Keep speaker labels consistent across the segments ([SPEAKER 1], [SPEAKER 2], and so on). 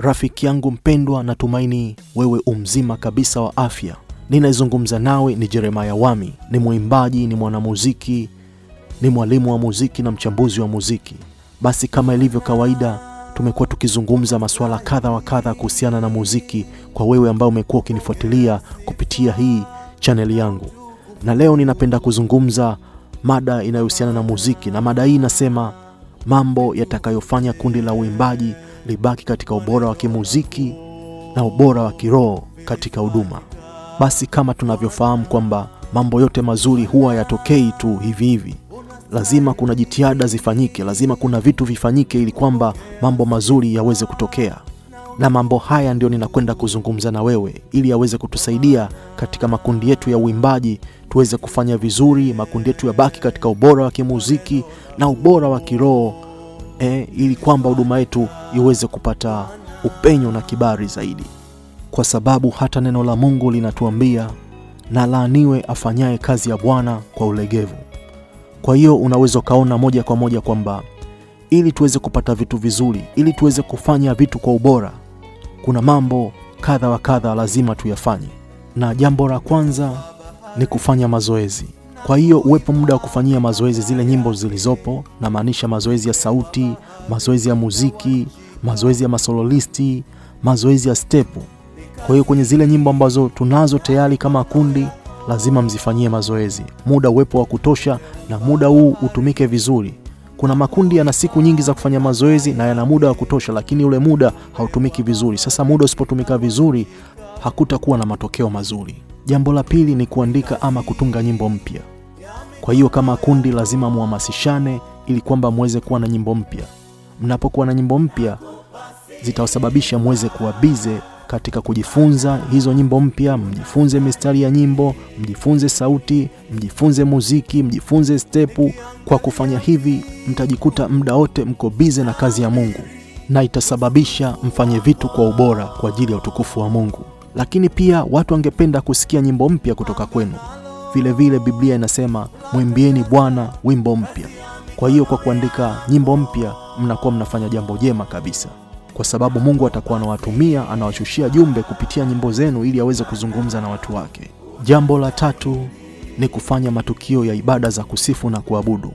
[SPEAKER 1] Rafiki yangu mpendwa, natumaini wewe umzima kabisa wa afya. Ninayezungumza nawe ni Jeremaya Wami, ni mwimbaji, ni mwanamuziki, ni mwalimu wa muziki na mchambuzi wa muziki. Basi kama ilivyo kawaida, tumekuwa tukizungumza masuala kadha wa kadha kuhusiana na muziki kwa wewe ambao umekuwa ukinifuatilia kupitia hii chaneli yangu, na leo ninapenda kuzungumza mada inayohusiana na muziki, na mada hii inasema mambo yatakayofanya kundi la uimbaji libaki katika ubora wa kimuziki na ubora wa kiroho katika huduma. Basi kama tunavyofahamu kwamba mambo yote mazuri huwa yatokei tu hivi hivi, lazima kuna jitihada zifanyike, lazima kuna vitu vifanyike ili kwamba mambo mazuri yaweze kutokea, na mambo haya ndio ninakwenda kuzungumza na wewe, ili yaweze kutusaidia katika makundi yetu ya uimbaji tuweze kufanya vizuri, makundi yetu yabaki katika ubora wa kimuziki na ubora wa kiroho eh, ili kwamba huduma yetu iweze kupata upenyo na kibali zaidi, kwa sababu hata neno la Mungu linatuambia na laaniwe afanyaye kazi ya Bwana kwa ulegevu. Kwa hiyo unaweza ukaona moja kwa moja kwamba ili tuweze kupata vitu vizuri, ili tuweze kufanya vitu kwa ubora, kuna mambo kadha wa kadha lazima tuyafanye, na jambo la kwanza ni kufanya mazoezi. Kwa hiyo uwepo muda wa kufanyia mazoezi zile nyimbo zilizopo, na maanisha mazoezi ya sauti, mazoezi ya muziki, mazoezi ya masololisti, mazoezi ya stepu. Kwa hiyo kwenye zile nyimbo ambazo tunazo tayari kama kundi, lazima mzifanyie mazoezi, muda uwepo wa kutosha, na muda huu utumike vizuri. Kuna makundi yana siku nyingi za kufanya mazoezi na yana muda wa kutosha, lakini ule muda hautumiki vizuri. Sasa muda usipotumika vizuri, hakutakuwa na matokeo mazuri. Jambo la pili ni kuandika ama kutunga nyimbo mpya. Kwa hiyo kama kundi lazima muhamasishane, ili kwamba muweze kuwa na nyimbo mpya. Mnapokuwa na nyimbo mpya, zitawasababisha muweze kuwa bize katika kujifunza hizo nyimbo mpya. Mjifunze mistari ya nyimbo, mjifunze sauti, mjifunze muziki, mjifunze stepu. Kwa kufanya hivi, mtajikuta muda wote mko bize na kazi ya Mungu, na itasababisha mfanye vitu kwa ubora kwa ajili ya utukufu wa Mungu. Lakini pia watu wangependa kusikia nyimbo mpya kutoka kwenu. Vile vile Biblia inasema mwimbieni Bwana wimbo mpya. Kwa hiyo kwa kuandika nyimbo mpya mnakuwa mnafanya jambo jema kabisa, kwa sababu Mungu atakuwa anawatumia, anawashushia jumbe kupitia nyimbo zenu ili aweze kuzungumza na watu wake. Jambo la tatu ni kufanya matukio ya ibada za kusifu na kuabudu.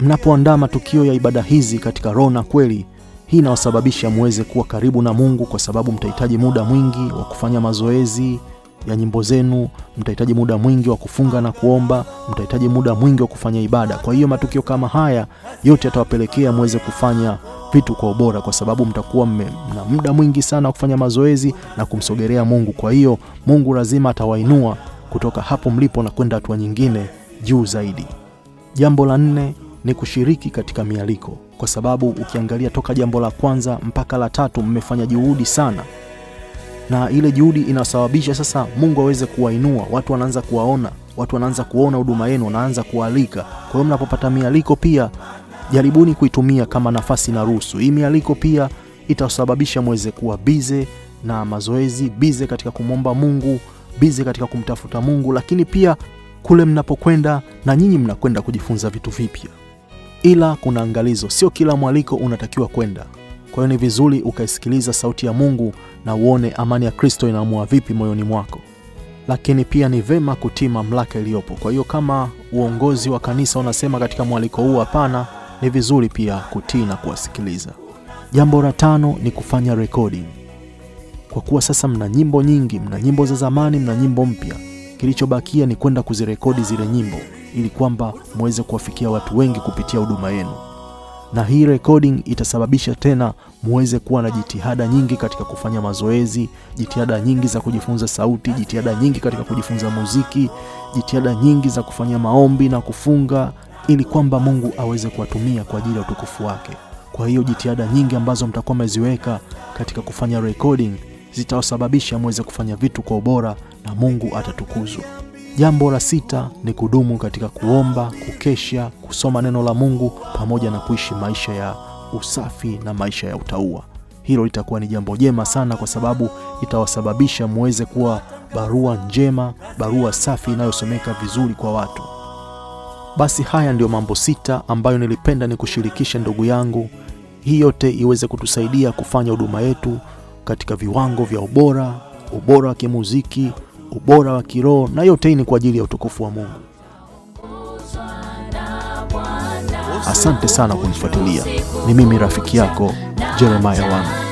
[SPEAKER 1] Mnapoandaa matukio ya ibada hizi katika roho na kweli, hii inawasababisha muweze kuwa karibu na Mungu, kwa sababu mtahitaji muda mwingi wa kufanya mazoezi ya nyimbo zenu, mtahitaji muda mwingi wa kufunga na kuomba, mtahitaji muda mwingi wa kufanya ibada. Kwa hiyo matukio kama haya yote yatawapelekea mweze kufanya vitu kwa ubora, kwa sababu mtakuwa na muda mwingi sana wa kufanya mazoezi na kumsogelea Mungu. Kwa hiyo Mungu lazima atawainua kutoka hapo mlipo na kwenda hatua nyingine juu zaidi. Jambo la nne ni kushiriki katika mialiko, kwa sababu ukiangalia toka jambo la kwanza mpaka la tatu mmefanya juhudi sana na ile juhudi inasababisha sasa Mungu aweze kuwainua watu, wanaanza kuwaona watu, wanaanza kuona huduma yenu, wanaanza kualika. Kwa hiyo mnapopata mialiko pia jaribuni kuitumia kama nafasi na ruhusu. Hii mialiko pia itasababisha mweze kuwa bize na mazoezi, bize katika kumwomba Mungu, bize katika kumtafuta Mungu, lakini pia kule mnapokwenda na nyinyi mnakwenda kujifunza vitu vipya. Ila kuna angalizo, sio kila mwaliko unatakiwa kwenda. Kwa hiyo ni vizuri ukaisikiliza sauti ya Mungu na uone amani ya Kristo inaamua vipi moyoni mwako, lakini pia ni vema kutii mamlaka iliyopo. Kwa hiyo kama uongozi wa kanisa unasema katika mwaliko huu hapana, ni vizuri pia kutii na kuwasikiliza. Jambo la tano ni kufanya recording. Kwa kuwa sasa mna nyimbo nyingi, mna nyimbo za zamani, mna nyimbo mpya, kilichobakia ni kwenda kuzirekodi zile nyimbo, ili kwamba muweze kuwafikia watu wengi kupitia huduma yenu na hii recording itasababisha tena muweze kuwa na jitihada nyingi katika kufanya mazoezi, jitihada nyingi za kujifunza sauti, jitihada nyingi katika kujifunza muziki, jitihada nyingi za kufanya maombi na kufunga, ili kwamba Mungu aweze kuwatumia kwa ajili ya utukufu wake. Kwa hiyo jitihada nyingi ambazo mtakuwa mmeziweka katika kufanya recording zitawasababisha muweze kufanya vitu kwa ubora na Mungu atatukuzwa. Jambo la sita ni kudumu katika kuomba, kukesha, kusoma neno la Mungu pamoja na kuishi maisha ya usafi na maisha ya utaua Hilo litakuwa ni jambo jema sana, kwa sababu itawasababisha muweze kuwa barua njema, barua safi inayosomeka vizuri kwa watu. Basi haya ndiyo mambo sita ambayo nilipenda ni kushirikisha ndugu yangu, hii yote iweze kutusaidia kufanya huduma yetu katika viwango vya ubora, ubora wa kimuziki ubora wa kiroho, na yote hii ni kwa ajili ya utukufu wa Mungu. Asante sana kunifuatilia. Ni mimi rafiki yako Jeremiah Wanu.